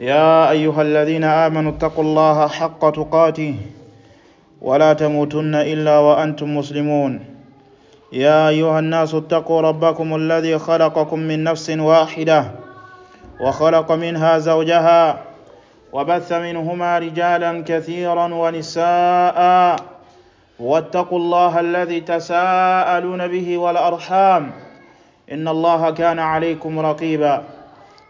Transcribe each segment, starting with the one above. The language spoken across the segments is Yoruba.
يا ايها الذين امنوا اتقوا الله حق تقاته ولا تموتن الا وانتم مسلمون يا ايها الناس اتقوا ربكم الذي خلقكم من نفس واحده وخلق منها زوجها وبث منهما رجالا كثيرا ونساء واتقوا الله الذي تساءلون به والارحام ان الله كان عليكم رقيبا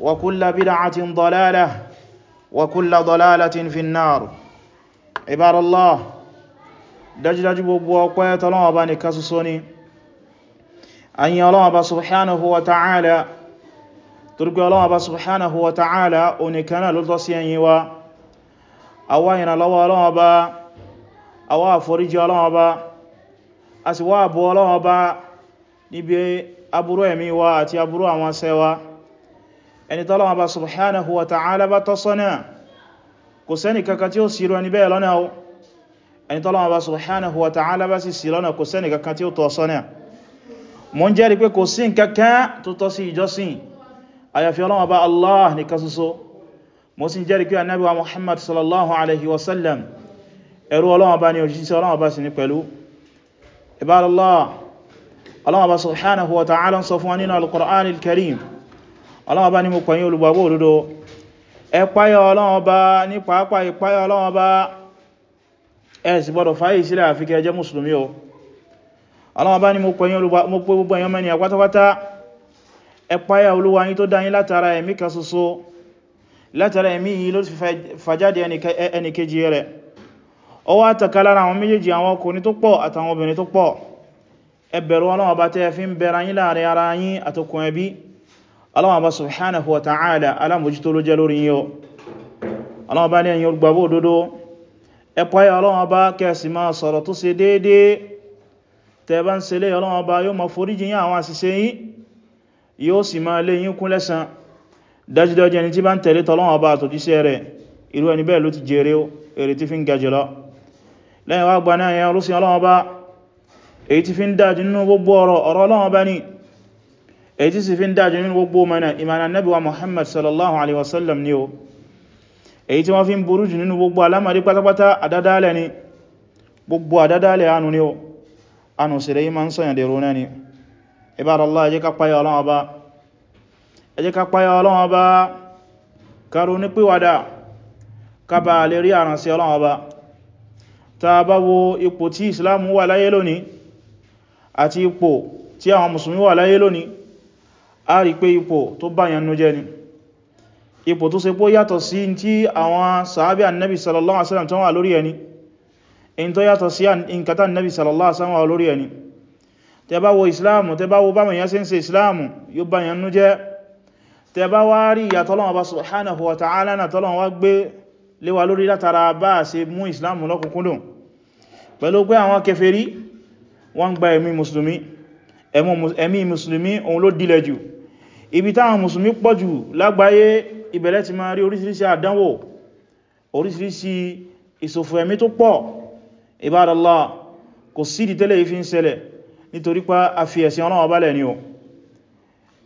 وكل بدعة ضلالة وكل ضلالة في النار عباد الله دجدج بوقوية لعبا نكسسوني أن يلعب سبحانه وتعالى torípé Ọlọ́hun Ọba subhanahu wa ta'ala oníkaná ló tọ́ sí ẹ̀yìn wa àwa ìrànlọ́wọ́ Ọlọ́hun Ọba àwa àforíjì Ọlọ́hun Ọba a sì wá àbò Ọlọ́hun Ọba níbi aburú ẹ̀mí wa àti aburú àwọn ṣẹ́ wa ẹni tọ́lọ́wọ́ bá subhanahu wa ta'ala bá tọ́sọ́nà kò sẹ́ni kankan tí ó ṣì rú ẹni bẹ́ẹ̀ lọ́nà o ẹni tọ́lọ́wọ́ bá subhanahu wa ta'ala bá sì ṣì lọ́nà kò sẹ́ni kankan tí ó tọ́sọ́nà mo ń jẹ́rìí pé kò sí nǹkankan tó tọ́ sí ìjọsìn àyàfi Ọlọ́hun Ọba Allah nìkan ṣoṣo mo sì ń jẹ́rìí pé Ànábì wa Muhammad sallallahu alaihi wasallam ẹrú Ọlọ́hun Ọba ni òjíṣẹ́ Ọlọ́hun Ọba sì ní pẹ̀lú ibadallah Ọlọ́hun Ọba subhanahu wa ta'ala sọ fún wa nínú al-Qur'an Ọlọ́run bá ní mo kọ̀yìn olùgbàgbọ́ òdodo ẹ páyà Ọlọ́run bá ní pàápàá ìpáyà Ọlọ́run bá ẹ sì gbọ́dọ̀ fàyè sílẹ̀ àfi kẹ́ jẹ́ mùsùlùmí o Ọlọ́run bá ní mo kọ̀yìn olùgbàgbọ́ gbogbo èèyàn mẹ́ni àpátápátá ẹ páyà Olúwa yín tó dá yín látara ẹ̀mí kan ṣoṣo látara ẹ̀mí yìí ló fi fàjáde ẹnìkejì rẹ̀ ó wá tàkà lára àwọn méjèèjì àwọn ọkùnrin tó bá tẹ́ fi ń bẹ̀rẹ̀ yín láàrin ara yín àtọkùn ẹbí Allah bá subhanahu wa ta'ala alámòjútó ló jẹ́ lórí yíò Allah bá ní ẹ̀yin olùgbàgbọ́ òdodo ẹ̀pọ̀ ayé Allah bá kẹsì máa sọ̀rọ̀ tó ṣe déédé tẹ́bá ń ṣe lé Allah bá yóò máa foríjì yín àwọn àṣìṣe yín yóò sì máa lé yín kún lẹ́san dájúdájú ẹni tí bá ń tẹ̀lé tọ́lọ́wọ́ èyí sì fi ń dájú nínú gbogbo ìmọ̀nà nẹ́bíwa Muhammad sallallahu alaihi wasallam ni o èyí tí wọ́n fi ń burú jù nínú gbogbo alámàrí pátápátá àdádálẹ̀ ni gbogbo àdádálẹ̀ anu ni o anu sì rẹ̀ yí ma ń sọ̀yàn dèrò náà ni ibádọ́lá ẹ jẹ́ ká páyà Ọlọ́run Ọba karo ní pìwàdà ká bá lè rí àrànsí Ọlọ́run Ọba ta bá wo ipò tí Islam a rí pé ipò tó báyàn nú jẹ́ ni ipò tó ṣe pó yàtọ̀ sí tí àwọn sàábí annabi sallallahu alaihi wasallam tó wà lórí ẹni in tó yàtọ̀ sí ìkàtà annabi sallallahu alaihi wasallam wà lórí ẹni tẹ bá wo islamu tẹ bá wo bá mẹ́yàn sí ń ṣe islamu yóò báyàn nú jẹ́ tẹ bá wá rí ìyàtọ́lọ́wọ́ bá subhanahu wa ta'ala na tọ́lọ́wọ́ wá gbé léwa lórí pẹ̀lú pé àwọn kèfèrí wọ́n gba ẹ̀mí musulmi òun ló dílẹ̀ jù ibi táwọn musulmi pọ̀jù lágbàáyé ibẹ̀lẹ̀ ti máa rí orísìírísìí àdánwò orísìírísìí ìsòfò ẹ̀mí tó pọ̀ ìbádallá kò sí ìdítẹ́lẹ̀ ìfi ń ṣẹlẹ̀ nítorí pa àfihẹ̀sìn ọlọ́wọ́ balẹ̀ ni o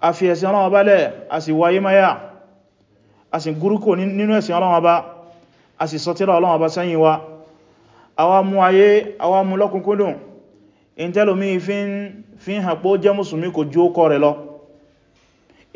àfihẹ̀sìn ọlọ́wọ́ balẹ̀ a sì wáyé máyà a sì gúrúkò nínú ẹ̀sìn ọlọ́wọ́ bá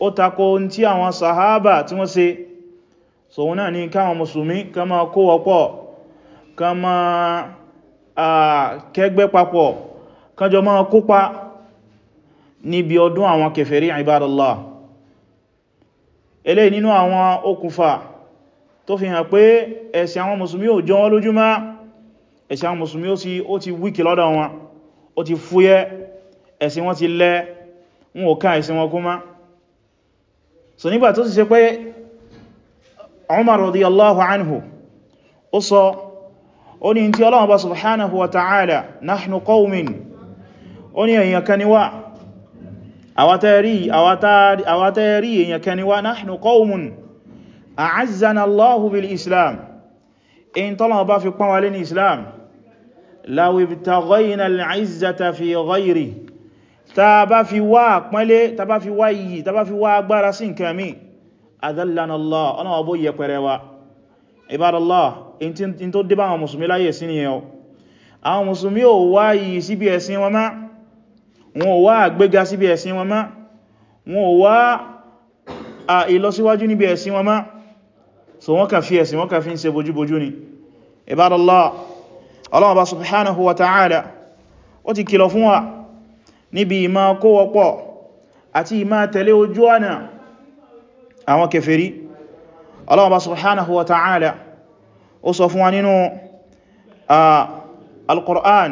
ó takò ohun tí àwọn sahaba tí wọ́n ṣe so wọn náà ni káwọn musulmi ká ma kó wọ́pọ̀ ká ma kẹgbẹ́ papọ̀ kájọ ma kópa níbi ọdún àwọn kèfèrí ibadallah eléyìí nínú àwọn okùnfà tó fi hàn pé ẹ̀sìn àwọn musulmi ò jọ wọ́n lójúmọ́ ẹ̀sìn àwọn musulmi ó ti wíkì lọ́dọ̀ wọn ó ti fúyẹ́ ẹ̀sìn wọn ti lẹ́ wọn ò ká ẹ̀sìn wọn kúmá so nígbà tó sì ṣe pé Umar radiyallahu anhu ó sọ ó ní tí Ọlọ́run bá subhanahu wa ta'ala nahnu qawmin ó ní èyàn kaniwa àwátẹ́rí èyàn kaniwa nahnu qawmun a'azzana Allahu bil islam in tọ́lọ́run bá fi pán wa lé ní islam law ibtaghayna al fi ghayrihi ta bá fi wá àpọ́nlé ta bá fi wá iyì ta bá fi wá agbára sí nǹkan mi adallana Allah ọ̀nà ọbó yẹpẹrẹ wa ibadallah in tó dé bá àwọn musulmi láyé sí ni yẹn àwọn musulmi ò wá iyì síbi ẹ̀sìn wọn má wọn ò wá àgbéga síbi ẹ̀sìn wọn má wọn ò wá à ìlọsíwájú níbi ẹ̀sìn wọn má so wọ́n kà fi ẹ̀sìn wọ́n kà fi ń ṣe bojúbojú ni ibadallah Allah subhanahu wa ta'ala ó ti kìlọ̀ fún wa níbi ìmá kówọpọ̀ àti ìmá tẹ̀lé ojú ọ̀nà àwọn kèfèrí Allah bá subhanahu wa ta'ala ó sọ fún wa nínú al-Qur'an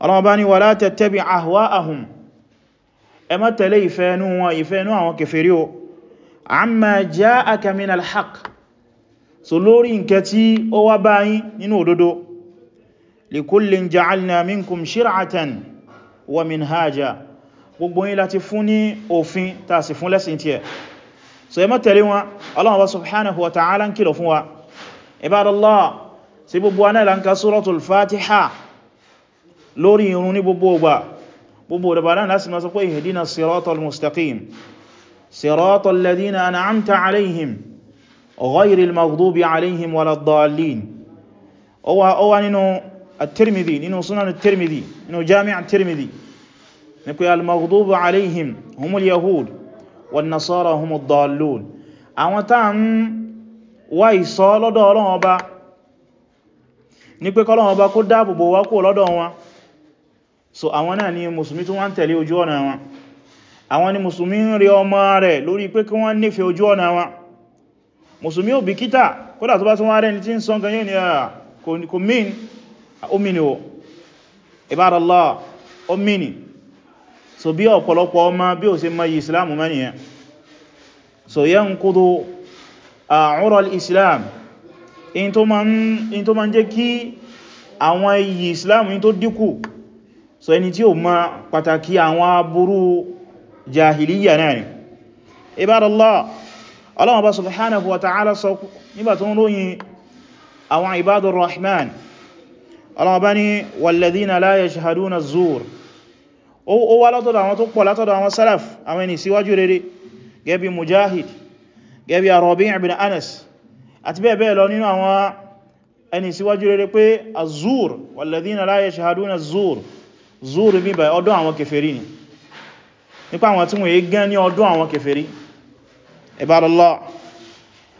Allah bá ní wala tattabi ahwa'ahum ẹ má tẹ̀lé ìfẹ́nú wọn ìfẹ́nú àwọn kèfèrí o amma ja'aka min al so lórí nkẹ́ tí ó wá báyín nínú òdodo likullin ja'alna minkum shir'atan wa minhaja gbogbo yín láti fún ní òfin ta sì fún lẹ́sìn tí ẹ̀ so ẹ má tẹ̀lé wọn Allah wa subhanahu wa ta'ala ń kìlọ̀ fún wa ibadallah sí gbogbo aná ìlànkà suratul fatiha lórí irun ní gbogbo ọgbà gbogbo dabaran láti masu pé ihdina siratal mustaqim siratal ladina an'amta alaihim ghayril maghdubi alaihim waladdallin ó wà nínú at-Tirmidhi nínú sunan at-Tirmidhi nínú jami' at-Tirmidhi ní pé al-maghdubu alayhim humul yahud wan nasara humud dallun àwọn tá ń wá ìṣọ́ lọ́dọ̀ Ọlọ́run Ọba ní pé kọ́lọ́run Ọba kó dáàbòbò wá kó lọ́dọ̀ wọn so àwọn náà ni musulmi tún wá ń tẹ̀lé ojú ọ̀nà wọn àwọn ni musulmi ń rí ọmọ rẹ̀ lórí pé kí wọ́n nífẹ̀ẹ́ ojú ọ̀nà wọn musulmi ò bìkítà kódà tó bá tún wá rẹ̀ ní tí ń sọ gan yóò ní kò mìn omini o ibadallah omini so bí ọ̀pọ̀lọpọ̀ ọmọ bí ó ṣe mọ́ islamu mẹ́niyàn so yẹn kúrò àrùrọ̀ islam in tó ma ń jẹ́ kí àwọn iyì islam in tó díkù so ẹni tí ó ma pàtàkì àwọn aburú jahiliya náà ni ibadallah ọlọ́wọ́ bá subhanahu wa ta'ala sọ nígbà tó ń ó wá látọ̀dọ̀ àwọn tó pọ̀ látọ̀dọ̀ àwọn salaf àwọn ẹni síwájú rere gẹ́bí mujahid gẹ́bí Rabi' ibn anas àti bẹ́ẹ̀ bẹ́ẹ̀ lọ nínú àwọn ẹni síwájú rere pé azur walladhina la yashhaduna azur zúrù bíbà ọdún àwọn kèfèrí ni nípa àwọn tí wọ́n yé gán ní ọdún àwọn kèfèrí ibadallah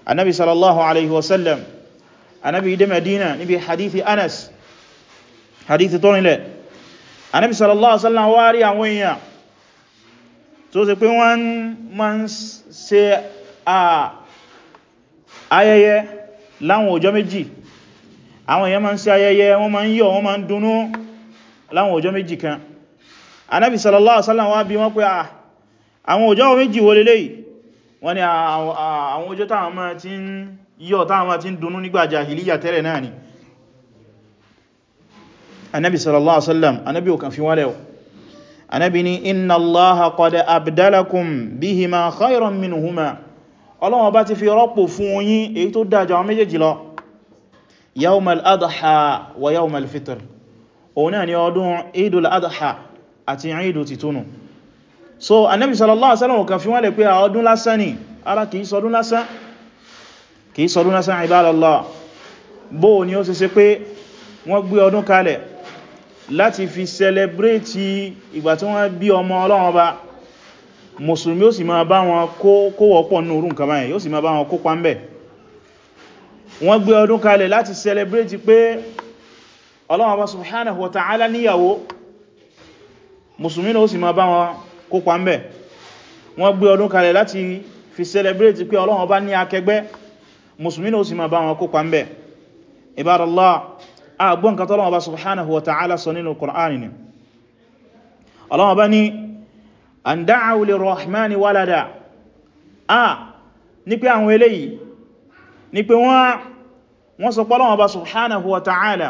anabi sallallahu alaihi wasallam anabi idẹ́ medina Ànábì sallallahu alaihi wasallam wá rí àwọn èèyàn tó ṣe pé wọ́n ma ń ṣe ayẹyẹ láwọn ọjọ́ méjì àwọn èèyàn ma ń ṣe ayẹyẹ wọ́n ma ń yọ̀ wọ́n ma ń dunnú láwọn ọjọ́ méjì kan Ànábì sallallahu alaihi wasallam wọ́n pé àwọn ọjọ́ méjì wo wọ́n ní àwọn ọjọ́ táwọn ma ti ń yọ̀ táwọn ma ti ń dunnú nígbà jahiliya tẹ́lẹ̀ náà ni anábi sallallahu alaihi wasallam anábi ò kan fi wọ́n lẹ́wọ̀ anábi ni inna allaha qad abdalakum bihima khayran minhuma Ọlọ́run bá ti fi rọ́pò fún yín èyí tó dájọ àwọn méjèèjì lọ yawmal adha wa yawmal fitr òun náà ni ọdún idul adha àti idul titunu so anábi sallallahu alaihi wasallam ò kan fi wọ́n lẹ́ pé ọdún lásán ni ara kìí sọdún lásán kìí sọdún lásán ibadallah bóò ni ó ṣe ṣe pé wọ́n gbé ọdún kalẹ̀ láti fi sẹlẹ̀brétì ìgbà tí wọ́n bí ọmọ Ọlọ́run Ọba mùsùlùmí ó sì máa bá wọn kówọ́pọ̀ ní orú nǹkan báyìí ó sì máa bá wọn kópa ń bẹ̀ wọ́n gbé ọdún kalẹ̀ láti sẹlẹ̀brétì pé Ọlọ́run Ọba subhanahu wa ta'ala níyàwó mùsùlùmí ó sì máa bá wọn kópa ń bẹ̀ wọ́n gbé ọdún kalẹ̀ láti fi sẹlẹ̀brétì pé Ọlọ́run Ọba ní akẹgbẹ́ mùsùlùmí ó sì bá wọn kópa agbọ́n kan tọ́lọ́wọ́ bá subhanahu wa ta'ala sọ nínú Qur'ani ni ọlọ́wọ́ bá ní an da'u lirrahmani walada a ní pé àwọn eléyìí ní pé wọ́n wọ́n sọ pọ́lọ́wọ́ bá subhanahu wa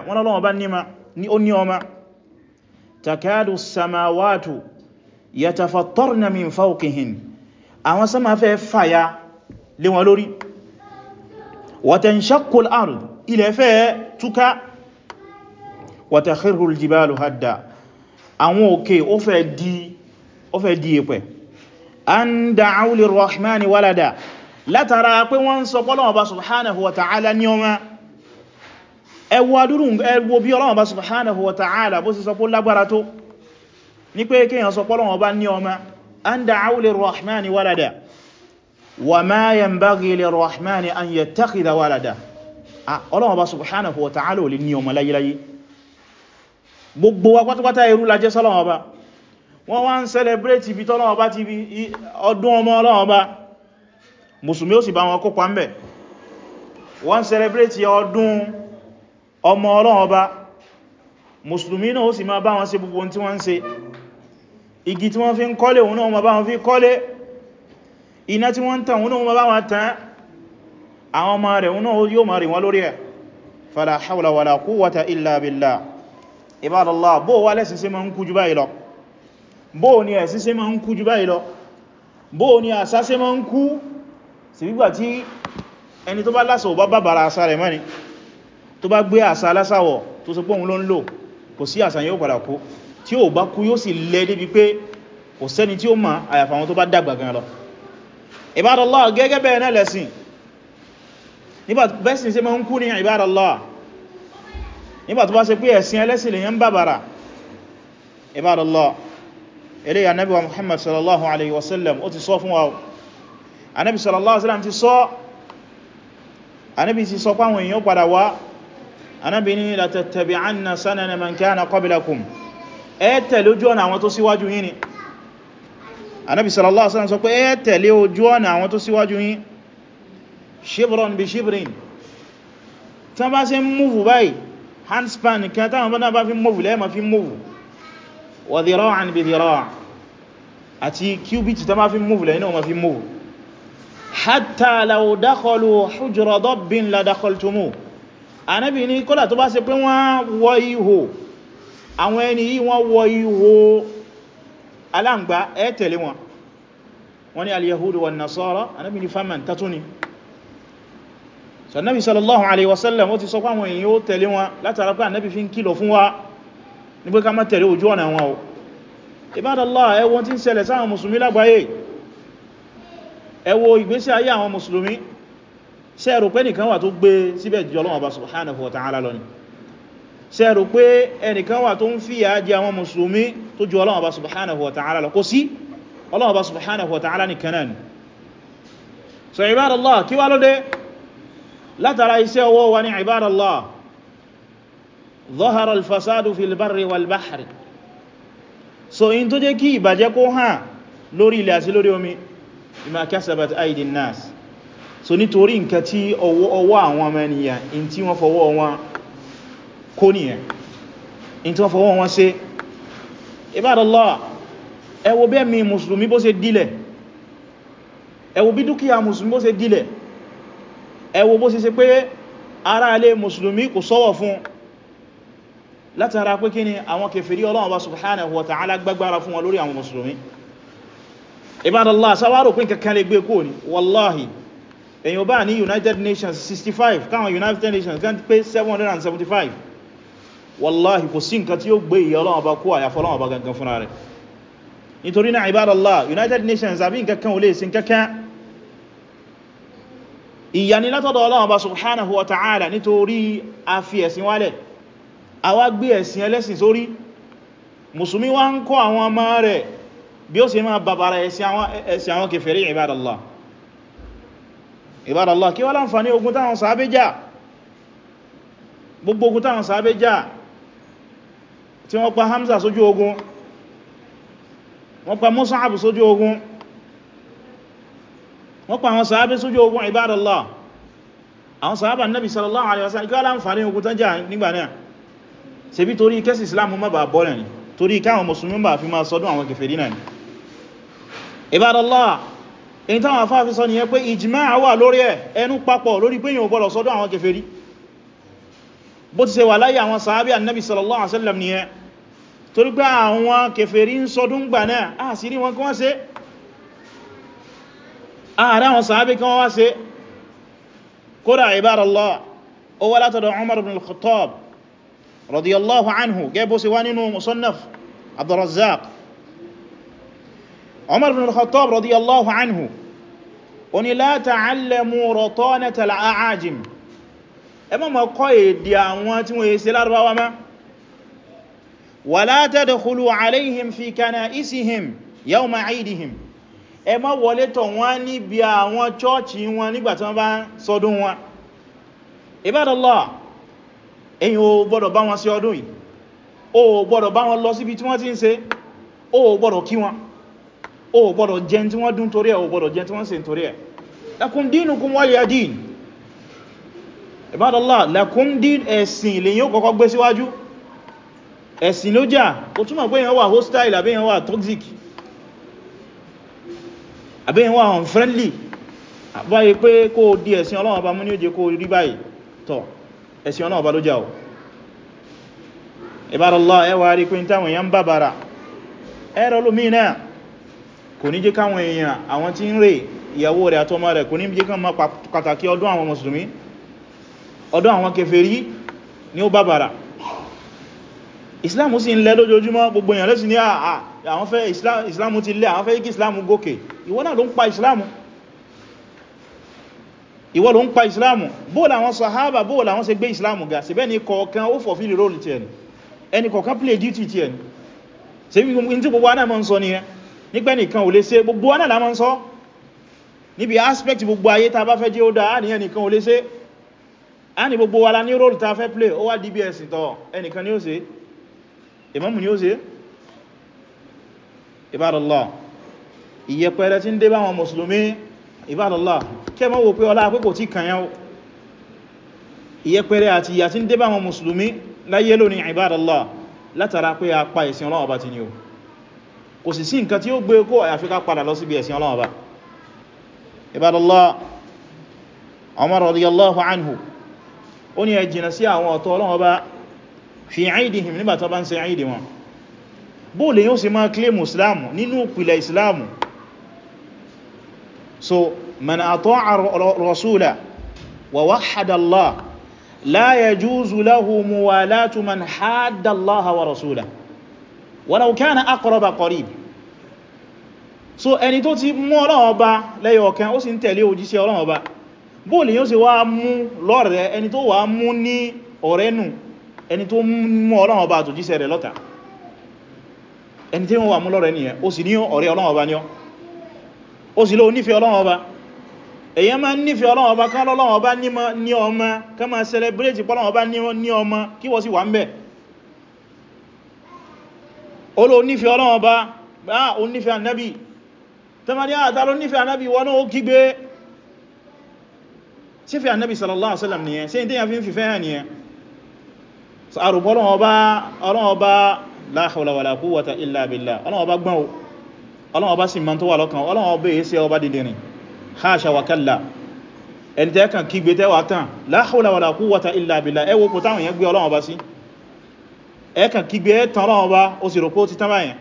wọ́n lọ́wọ́ bá ní ó ní ọmọ takadu samawatu yatafattarna min túká wàtàkìrù aljibalu hadda àwọn òkè ó fẹ́ di èpẹ̀ an da'u lirrahmani walada látara pé wọ́n ń sọ pọ́lọ́wọ́ bá subhanahu wa ta'ala ní ọmọ ẹwọ adúrùn ẹwọ bí ọlọ́wọ́ bá subhanahu wa ta'ala bó sì sọ pọ́ lágbára tó ní pé kíyàn sọ pọ́lọ́wọ́ bá ní ọmọ an da'u lirrahmani walada wa ma yanbaghi lirrahmani an yattakhidha walada ah, ọlọ́wọ́ subhanahu wa ta'ala ò ní ọmọ láyíláyí gbogbo wa pátápátá ẹrú la jẹ́ sọ́lọ́wọ́ ọba wọ́n wá ń celebrate ibi tọ́lọ́wọ́ ọba ti bí ọdún ọmọ ọlọ́wọ́ ọba mùsùlùmí ó sì bá wọn kópa ń bẹ̀ wọ́n ń celebrate ọdún ọmọ ọlọ́wọ́ ọba mùsùlùmí náà ó sì máa bá wọn ṣe gbogbo tí wọ́n ń ṣe igi tí wọ́n fi ń kọ́lé òun náà ma bá wọn fi kọ́lé ìbádàlá bó wá lẹ́sìn ṣe máa ń kújú báyìí lọ bó ní ẹ̀sìn ṣe máa ń kújú báyìí lọ bó ní àṣà ṣe máa ń kú sí wígbà tí ẹni tó bá lásà ò bá bàbára àṣà rẹ̀ mọ́ni tó bá gbé àṣà lásàwọ̀ tó sọ pé òun ló ń lò kò sí àṣà yóò padà kú tí ò bá kú yóò sì lẹ́ débi pé kò sẹ́ni tí ó mọ̀ àyàfà tó bá dàgbà gan lọ ìbádàlá gẹ́gẹ́ bẹ́ẹ̀ náà lẹ́sìn nígbà bẹ́sìn ṣe máa ń kú ní ìbádàlá nígbà tó bá ṣe pé ẹ̀sìn ẹlẹ́sìn lèyàn bàbàrà ibadallah eléyà anábíwa muhammad sallallahu alaihi wasallam ó ti sọ fún wa anábi sallallahu alaihi wasallam ti sọ anábi ti sọ páwọn èèyàn padà wá anábi ni la tattabi'anna sanana man kana qablakum ẹ tẹ̀lé ojú ọ̀nà àwọn tó síwájú yín ni anábi sallallahu bá ṣe ń múfù báyìí handspan kan táwọn bọ́nà bá fi mọ́wù lẹ́ẹ̀mà fi mọ́wù wà dhira'an bi dhira' àti qubit tó má fi mọ́wù lẹ́yìn náà ma fi mọ́wù hatta law dakhalu hujra dabbin la dakhaltumu anábì ní kọ́lá tó bá ṣe pé wọ́n wọ ihò àwọn ẹni yìí wọ́n wọ ihò aláǹgbá ẹ tẹ̀lé wọn wọ́n ní al-yahudu wan anábì ní faman so annabi sallallahu alaihi wasallam ó ti sọ pàwọn èèyàn ó tẹ̀lé wọn látara pé annabi fi ń kìlọ̀ fún wa ní pé ká má tẹ̀lé ojú ọ̀nà wọn o ibadallah ẹ wo tí ń ṣẹlẹ̀ sáwọn mùsùlùmí lágbàáyé ẹ wo ìgbésí ayé àwọn mùsùlùmí ṣé rò pé ẹnìkan wà tó gbé síbẹ̀ jù Ọlọ́run Ọba subhanahu wa ta'ala lọ ni ṣé rò pé ẹnìkan wà tó ń fìyà jẹ àwọn mùsùlùmí tó jù Ọlọ́run Ọba subhanahu wa ta'ala lọ kò sí Ọlọ́run Ọba subhanahu wa ta'ala nìkan náà so ibadallah kí wá lóde látara iṣẹ́ ọwọ́ wa ní ibadallah zahara alfasadu fil barri so in tó jẹ́ kí ìbàjẹ́ kó hàn lórí ilẹ̀ àti lórí omi ima kasabat aidin nas so nítorí nǹkan tí ọwọ́ àwọn ọmọ ènìyàn in tí wọ́n fọwọ́ wọn kó nìyàn in tí wọ́n fọwọ́ wọn ṣe ibadallah ẹ wò bẹ́ẹ̀ mi mùsùlùmí bó ṣe dílẹ̀ ẹ wo bó ṣe ṣe pé ará ilé mùsùlùmí kò sọ́wọ̀ fún látara pé kí ni àwọn kèfèrí Ọlọ́run Ọba subhanahu wa ta'ala gbágbára fún wọn lórí àwọn mùsùlùmí ibadallah sáwárò pín kankan lè gbé kó ní wallahi èyàn bá ní United Nations 65 káwọn United Nations kan pé 775 wallahi kò sí nǹkan tí ó gbé ìyà Ọlọ́run Ọba kó àyàfọ́ Ọlọ́run Ọba gangan fúnra rẹ̀ nítorí náà ibadallah United Nations àbí nǹkan kan ò lè sin kankan ìyanilátọ̀dọ̀ Ọlọ́run bá subhanahu wa ta'ala nítorí a fi ẹ̀sìn wálẹ̀ a wá gbé ẹ̀sìn ẹlẹ́sìn sórí musulmi wá ń kọ́ àwọn ọmọ rẹ̀ bí ó ṣe máa bàbàrà ẹ̀sìn àwọn kèfèrí ibadallah wọ́n pa àwọn sàábé sójú ogun ibadallah àwọn sàábà nabi sallallahu alaihi wasallam ikú aláǹfààní ogun tán jà nígbà náà ṣe bí torí kẹsì islamu má bàá bọ́lẹ̀ ni torí káwọn musulmi bá fi máa sọdún àwọn kèfèrí náà ni ibadallah èyí táwọn afá fi sọ nìyẹn pé ijma' wà lórí ẹ̀ ẹnu papọ̀ lórí pé yíò bọ́lọ̀ sọdún àwọn kèfèrí bó ti ṣe wà láyé ààrẹ àwọn sàábé kí wọ́n wá ṣe kódà ibárallah ó wá látọ̀dọ̀ Umar ibn al-Khattab radiyallahu anhu gẹ́bó sí wá nínú musannaf Abdurrazzaq Umar ibn al-Khattab radiyallahu anhu ó ní la ta'allamu ratanata al-a'ajim ẹ má máa èdè àwọn tí wọ́n yẹ sí lárúbáwá má wala tadkhulu alayhim fi kana'isihim yawma 'idihim ẹ má wọlé tọ̀ wọ́n níbi àwọn chọ́ọ̀chì wọn nígbàtí wọ́n bá sọdún wọn ìbádọ́lá ẹ̀yin ò gbọ́dọ̀ bá wọn sí ọdún yìí o gbọ́dọ̀ bá wọn lọ síbi tí wọ́n ti ń ṣe o gbọ́dọ̀ kí wọn o gbọ́dọ̀ jẹun tí wọ́n dún torí ẹ̀ o gbọ́dọ̀ jẹun tí wọ́n ṣe torí ẹ̀ lakum dinukum waliya din ìbádọ́lá lakum din ẹ̀sìn lè yíó kọ́kọ́ gbé síwájú ẹ̀sìn ló jà ó túnmọ̀ pé èèyàn wà hostile àbí èèyàn wà toxic àbẹ́yìn wà hàn friendly àbáyé pé kó di ẹ̀sìn Ọlọ́run ọba mú ní òjé kó rí báyìí tọ́ ẹ̀sìn Ọlọ́run ọba ló jà ọ́ ìbáraláà ẹwà rí pé táwọn èèyàn bàbàrà ẹ̀rọ lómi náà kò ní jẹ́ káwọn èèyàn àwọn tí ń rè ìyàwó rẹ̀ ni ó bàbàrà Islam sì ń lẹ́ lójoojúmọ́ gbogbo èèyàn lẹ́sìn ní ah, ah, àwọn fẹ́ islamu ti lẹ́ àwọn fẹ́ kí islamu gòkè ìwọ náà ló ń pa islamu ìwọ ló ń àwọn sahaba bóòlù àwọn ṣe gbé islamu ga ṣe bẹ́ẹ̀ ni kọ̀ọ̀kan ó fulfill role ti ẹni ẹni kọ̀ọ̀kan play duty ti ẹni ṣe bí tí gbogbo anáà ma ń sọ ni nígbẹ́ nìkan ò lè ṣe gbogbo anáà la ma ń sọ níbi aspect gbogbo ayé ta bá fẹ́ jẹ́ ó dá á nìyẹn nìkan ò lè ṣe á ní gbogbo wa la ní role ta fẹ́ play ó wá dbs tọ́ ẹnìkan ni ó ṣe ìmámù ni ó ṣe ibadallah ìyẹpẹrẹ tí ń dé báwọn mùsùlùmí ibadallah kẹ mọ́ wò pé ọlá pé kò tí kàyàn ìyẹpẹrẹ àti ìyà tí ń dé báwọn mùsùlùmí láyé lónìí ibadallah látara pé a pa ẹ̀sìn Ọlọ́run Ọba ti ni o kò sì sí nǹkan tí ó gbé kó àyàfi padà lọ síbi ẹ̀sìn Ọlọ́run bá ń ṣe aidi bóòlè yóò ṣe máa claim islam nínú ìpìlẹ̀ islam so man ata'a rasula wa wahhada Allah la yajuzu lahu muwalatu man hadda Allah wa rasula walau kana aqraba qarib so ẹni tó ti mú Ọlọ́run Ọba lẹ́yọ̀kan ó sì ń tẹ̀lé òjíṣẹ́ Ọlọ́run Ọba bóòlè yóò ṣe wá mú lọ́rẹ̀ ẹni tó wá mú ní ọ̀rẹ́nù ẹni tó mú Ọlọ́run Ọba rẹ̀ lọ́ta ẹni tí wọ́n wà mú lọ́rẹ̀ nìyẹn ó sì ní ọ̀rẹ́ Ọlọ́run ọba ní ọ́ ó sì ló nífẹ́ Ọlọ́run ọba èyàn máa nífẹ́ Ọlọ́run ọba kán lọ́lọ́run ọba ní ọmọ kán máa celebrate pọ́lọ́run ọba ní ọmọ kí wọ́n sì wà ń bẹ̀ ó ló nífẹ́ Ọlọ́run ọba bá ó nífẹ́ ànábì tẹ́mọdé àtà ah, ló nífẹ́ ànábì la hawla wala quwwata illa billah ọlọ́wọ́ bá gbọ́n o ọlọ́wọ́ bá sì mọ́ tó wà lọ́kàn ọlọ́wọ́ bẹ́ yẹ́ sí ọba dìdìrìn hasha wa kalla ẹni tẹ́kàn kí gbé tẹ́wà tán la hawla wala quwwata illa billah ẹwọ́ kò táwọn yẹn gbé ọlọ́wọ́ bá sí ẹkàn kí gbé tán ọlọ́wọ́ bá ó sì rọ̀pọ̀ ti tábàyàn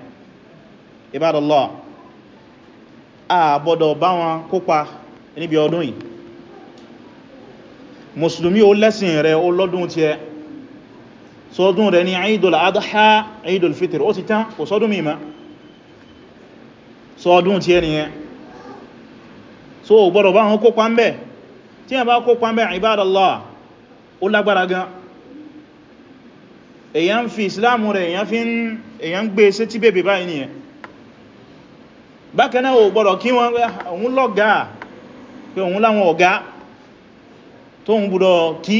sọdún rẹ̀ ní Eidul Adha Eidul Fitr ó ti tán kò sọdún mímá sọdún tí ẹniyẹn so gbọ́dọ̀ bá wọn kópa ń bẹ̀ tí a bá kópa ń bẹ̀ Ibadallah ó lágbára gan èyàn fi Islamu rẹ̀ èyàn fi èyàn gbé e sí tí bèbè báyìí nìyẹn bákan náà ò gbọ́dọ̀ kí wọ́n lọ́gá pé òun láwọn ọ̀gá tó ń gbọ́dọ̀ kí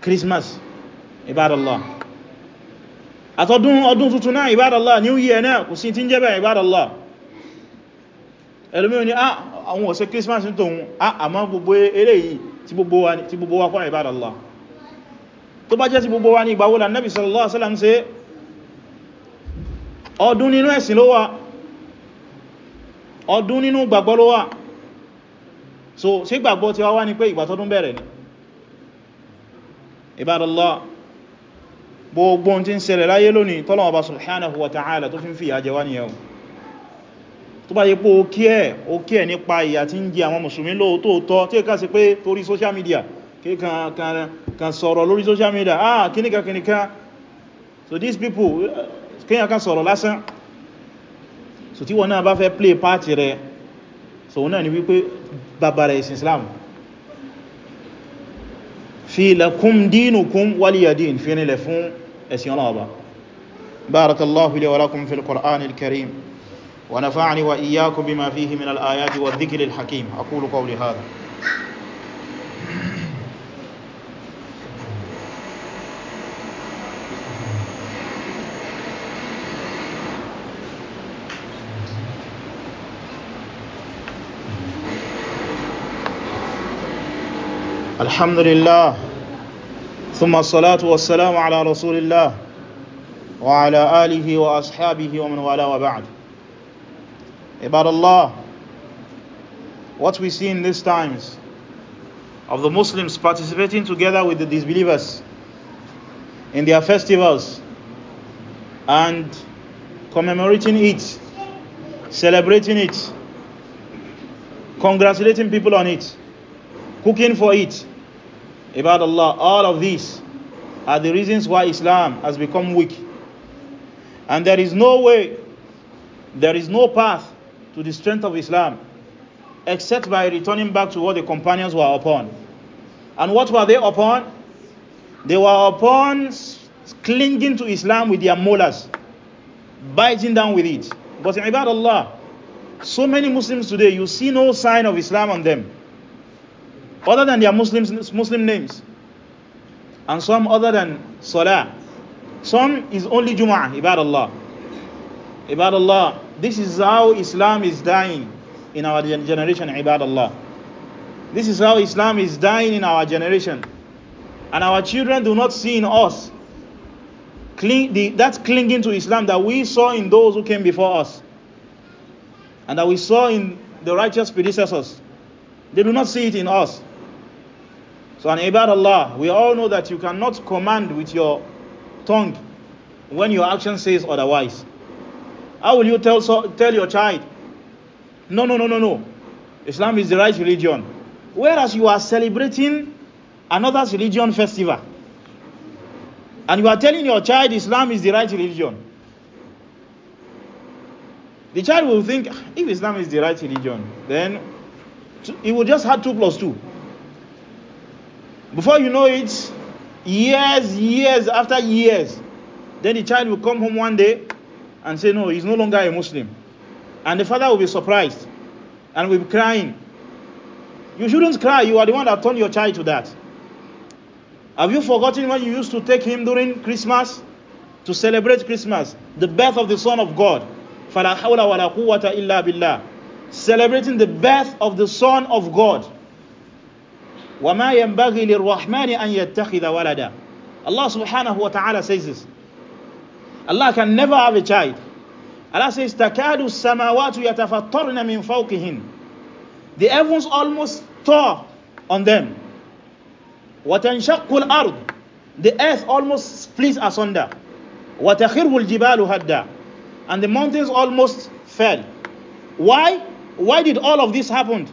christmas ibadallah àtọdún ọdún tuntun náà ibadallah new year náà kò sí tí ń jẹ́bẹ̀ ibadallah ẹlòmí ni ah, àwọn ọ̀sẹ̀ christmas ní tóhun ah, àmọ́ gbogbo eléyìí tí gbogbo wa kọ́ ibadallah tó bá jẹ́ ti gbogbo wa ní ìgbàwó la nẹ́bì sallallahu alaihi wasallam ṣe so ṣé gbàgbọ́ ti wá wá ní pé ibadallá gbogbo tí ń ṣẹlẹ̀ láyé lónìí tọ́lọ̀wọ̀ bá subhanahu wa ta'ala tó fi ń fi ìyà jẹ wá nìyẹn tó bá yẹ pé òkí ẹ̀ òkí ẹ̀ nípa ìyà tí ń jẹ àwọn mùsùlùmí lóòtọ́ tí ká sí pé torí social media kan sọ̀rọ̀ lórí social media ah kíníkà kíníkà so these people kíyàn kan sọ̀rọ̀ lásán so tí wọ́n náà bá fẹ́ play party rẹ̀ so náà ni wípé bàbàrẹ̀ Islam fi lakum dinukum waliya din fi nílẹ̀ fún ẹ̀sìn ọlọ́ọ̀bá barakallahu li wa lakum fil qur'an al-karim wa nafa'ani wa iyyakum bima fihi min al-ayati wa dhikri al-hakim aqulu qawli hadha الحمد لله ثم الصلاة والسلام على رسول الله وعلى آله وأصحابه ومن والاه وبعد عباد الله what we see in these times of the Muslims participating together with the disbelievers in their festivals and commemorating it celebrating it congratulating people on it cooking for it. About Allah, all of these are the reasons why Islam has become weak. And there is no way, there is no path to the strength of Islam except by returning back to what the companions were upon. And what were they upon? They were upon clinging to Islam with their molars, biting down with it. But in Allah, so many Muslims today, you see no sign of Islam on them other than their Muslims, Muslim names. And some other than Salah. Some is only Jum'ah, Ibad Allah. Ibad Allah. This is how Islam is dying in our generation, Ibad Allah. This is how Islam is dying in our generation. And our children do not see in us cling, the, that clinging to Islam that we saw in those who came before us. And that we saw in the righteous predecessors. They do not see it in us. So and ibad Allah, we all know that you cannot command with your tongue when your action says otherwise. How will you tell, so, tell your child, no, no, no, no, no, Islam is the right religion. Whereas you are celebrating another's religion festival. And you are telling your child Islam is the right religion. The child will think, ah, if Islam is the right religion, then he will just have two plus two." Before you know it, years, years after years, then the child will come home one day and say, no, he's no longer a Muslim. And the father will be surprised and will be crying. You shouldn't cry. You are the one that turned your child to that. Have you forgotten when you used to take him during Christmas to celebrate Christmas, the birth of the Son of God? فَلَا حَوْلَ وَلَا قُوَّةَ إِلَّا بِاللَّهِ Celebrating the birth of the Son of God. وما ينبغي للرحمن أن يتخذ ولدا الله سبحانه وتعالى says this Allah can never have a child Allah says تكاد السماوات يتفطرن من فوقهن the heavens almost tore on them وتنشق الأرض the earth almost splits asunder وتخر الجبال هدا and the mountains almost fell why why did all of this happen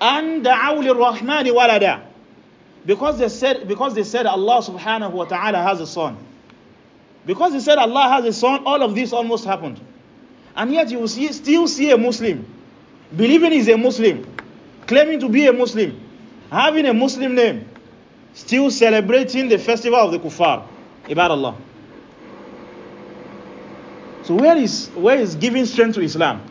and da'awli rahmani walada because they said because they said Allah subhanahu wa ta'ala has a son because they said Allah has a son all of this almost happened and yet you see, still see a Muslim believing he's a Muslim claiming to be a Muslim having a Muslim name still celebrating the festival of the kuffar about Allah so where is where is giving strength to Islam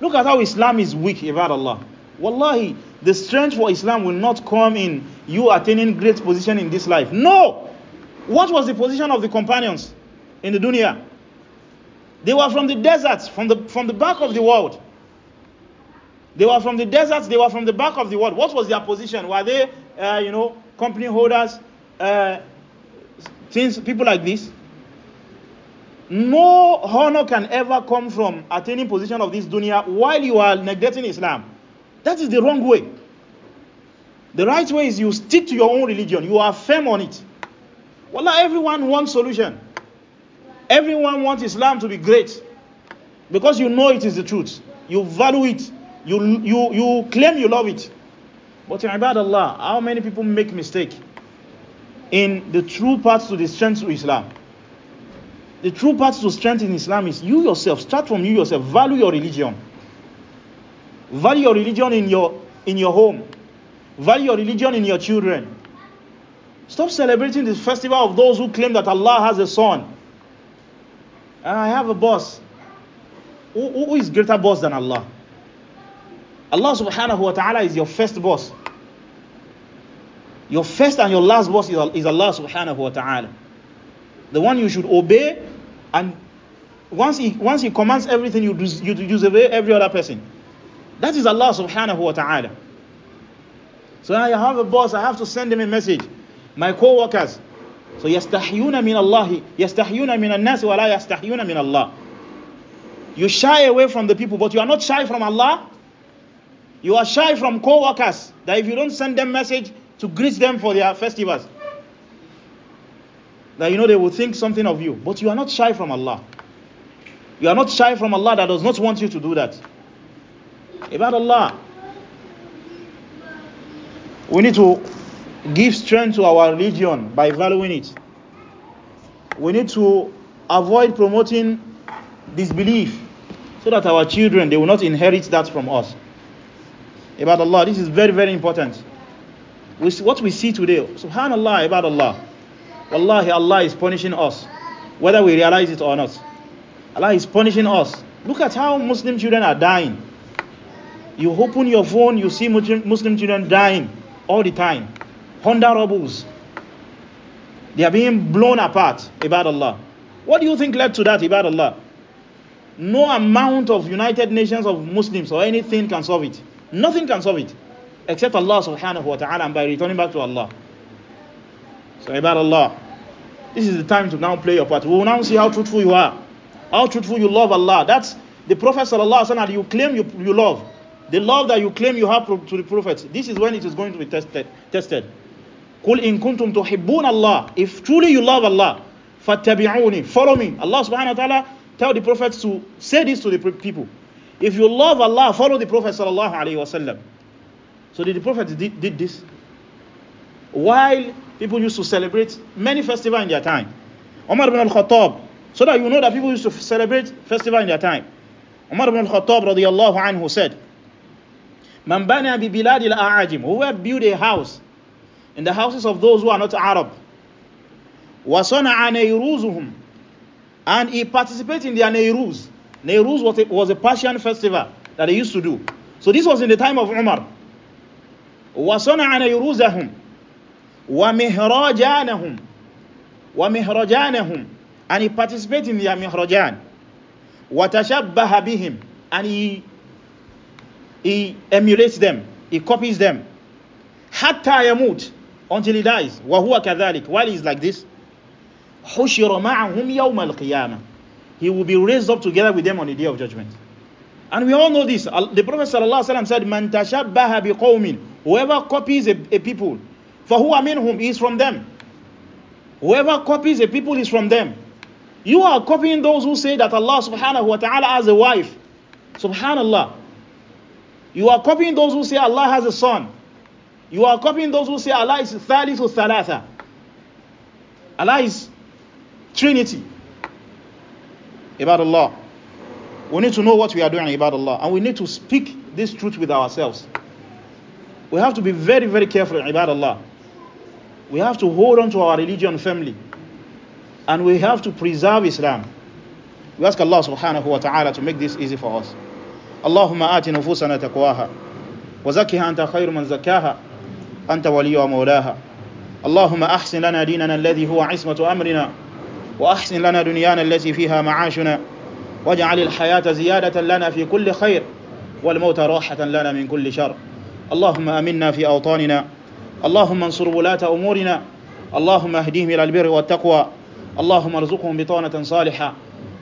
look at how Islam is weak about Allah Wallahi, the strength for Islam will not come in you attaining great position in this life. No! What was the position of the companions in the dunya? They were from the deserts, from the, from the back of the world. They were from the deserts, they were from the back of the world. What was their position? Were they, uh, you know, company holders, uh, things, people like this? No honor can ever come from attaining position of this dunya while you are neglecting Islam. That is the wrong way. The right way is you stick to your own religion. You are firm on it. Wallah, everyone wants solution. Everyone wants Islam to be great. Because you know it is the truth. You value it. You, you, you claim you love it. But in Allah, how many people make mistake in the true path to the strength of Islam? The true path to strength in Islam is you yourself. Start from you yourself. Value your religion. Value your religion in your, in your home. Value your religion in your children. Stop celebrating the festival of those who claim that Allah has a son. And I have a boss. Who, who is greater boss than Allah? Allah subhanahu wa ta'ala is your first boss. Your first and your last boss is Allah subhanahu wa ta'ala. The one you should obey and once he, once he commands everything, you, do you disobey every other person. That is Allah subhanahu wa ta'ala. So I have a boss, I have to send him a message. My co-workers. So يستحيون من الله يستحيون من الناس ولا يستحيون من الله. You shy away from the people, but you are not shy from Allah. You are shy from co-workers that if you don't send them message to greet them for their festivals, that you know they will think something of you. But you are not shy from Allah. You are not shy from Allah that does not want you to do that. Ibadallah, we need to give strength to our religion by valuing it. We need to avoid promoting disbelief so that our children, they will not inherit that from us. Ibadallah, this is very, very important. We what we see today, subhanallah, ibadallah, wallahi, Allah is punishing us, whether we realize it or not. Allah is punishing us. Look at how Muslim children are dying. You open your phone, you see Muslim children dying all the time. Honda rebels. They are being blown apart, Ibad Allah. What do you think led to that, Ibad Allah? No amount of United Nations of Muslims or anything can solve it. Nothing can solve it. Except Allah subhanahu wa ta'ala and by returning back to Allah. So Ibad Allah, this is the time to now play your part. We will now see how truthful you are. How truthful you love Allah. That's the Prophet sallallahu alaihi wasallam you claim you, you love the love that you claim you have to the prophet this is when it is going to be tested tested إن كنتم تحبون الله if truly you love Allah follow me Allah subhanahu wa ta'ala tell the prophet to say this to the people if you love Allah follow the prophet sallallahu alaihi wasallam so the, the prophet did, did this while people used to celebrate many festivals in their time Umar ibn al-Khattab so that you know that people used to celebrate festival in their time Umar ibn al-Khattab radiyallahu anhu said Man bana bi biladi al-a'ajim, whoever build a house in the houses of those who are not Arab. Wa sana'a nayruzuhum, and he participated in their Nayruz. Nayruz was a, was a Persian festival that they used to do. So this was in the time of Umar. Wa sana'a nayruzahum wa mihrajanahum wa mihrajanahum and he participated in their mihrajan wa tashabbaha bihim and he he emulates them he copies them hatta yamut until he dies wa huwa kadhalik while he is like this hushira ma'ahum yawm al-qiyamah he will be raised up together with them on the day of judgment and we all know this the prophet sallallahu alaihi wasallam said man tashabbaha biqaumin whoever copies a, a people fahuwa minhum is from them whoever copies a people is from them you are copying those who say that Allah subhanahu wa ta'ala has a wife subhanallah You are copying those who say Allah has a son. You are copying those who say Allah is Thalith or Thalatha. Allah is Trinity. About Allah. We need to know what we are doing about Allah. And we need to speak this truth with ourselves. We have to be very, very careful about Allah. We have to hold on to our religion firmly. And we have to preserve Islam. We ask Allah subhanahu wa ta'ala to make this easy for us. اللهم آت نفوسنا تقواها وزكها أنت خير من زكاها أنت ولي ومولاها اللهم أحسن لنا ديننا الذي هو عصمة أمرنا وأحسن لنا دنيانا التي فيها معاشنا واجعل الحياة زيادة لنا في كل خير والموت راحة لنا من كل شر اللهم أمنا في أوطاننا اللهم انصر ولاة أمورنا اللهم اهديهم إلى البر والتقوى اللهم ارزقهم بطانة صالحة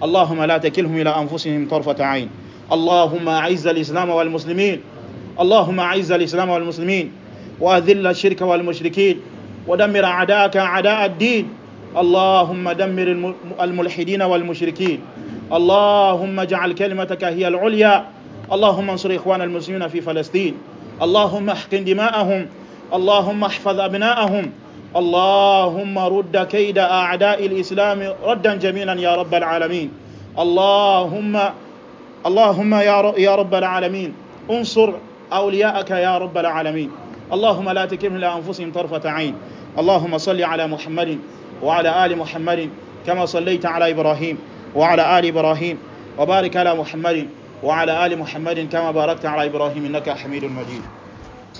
اللهم لا تكلهم إلى أنفسهم طرفة عين اللهم اعز الاسلام والمسلمين اللهم اعز الاسلام والمسلمين واذل الشرك والمشركين ودمر اعداءك اعداء الدين اللهم دمر الملحدين والمشركين اللهم اجعل كلمتك هي العليا اللهم انصر اخوان المسلمين في فلسطين اللهم احقن دماءهم اللهم احفظ ابناءهم اللهم رد كيد اعداء الاسلام ردا جميلا يا رب العالمين اللهم اللهم يا رب العالمين انصر أولياءك يا رب العالمين اللهم لا تكلهم لأنفسهم طرفة عين اللهم صل على محمد وعلى آل محمد كما صليت على إبراهيم وعلى آل إبراهيم وبارك على محمد وعلى آل محمد كما باركت على إبراهيم إنك حميد مجيد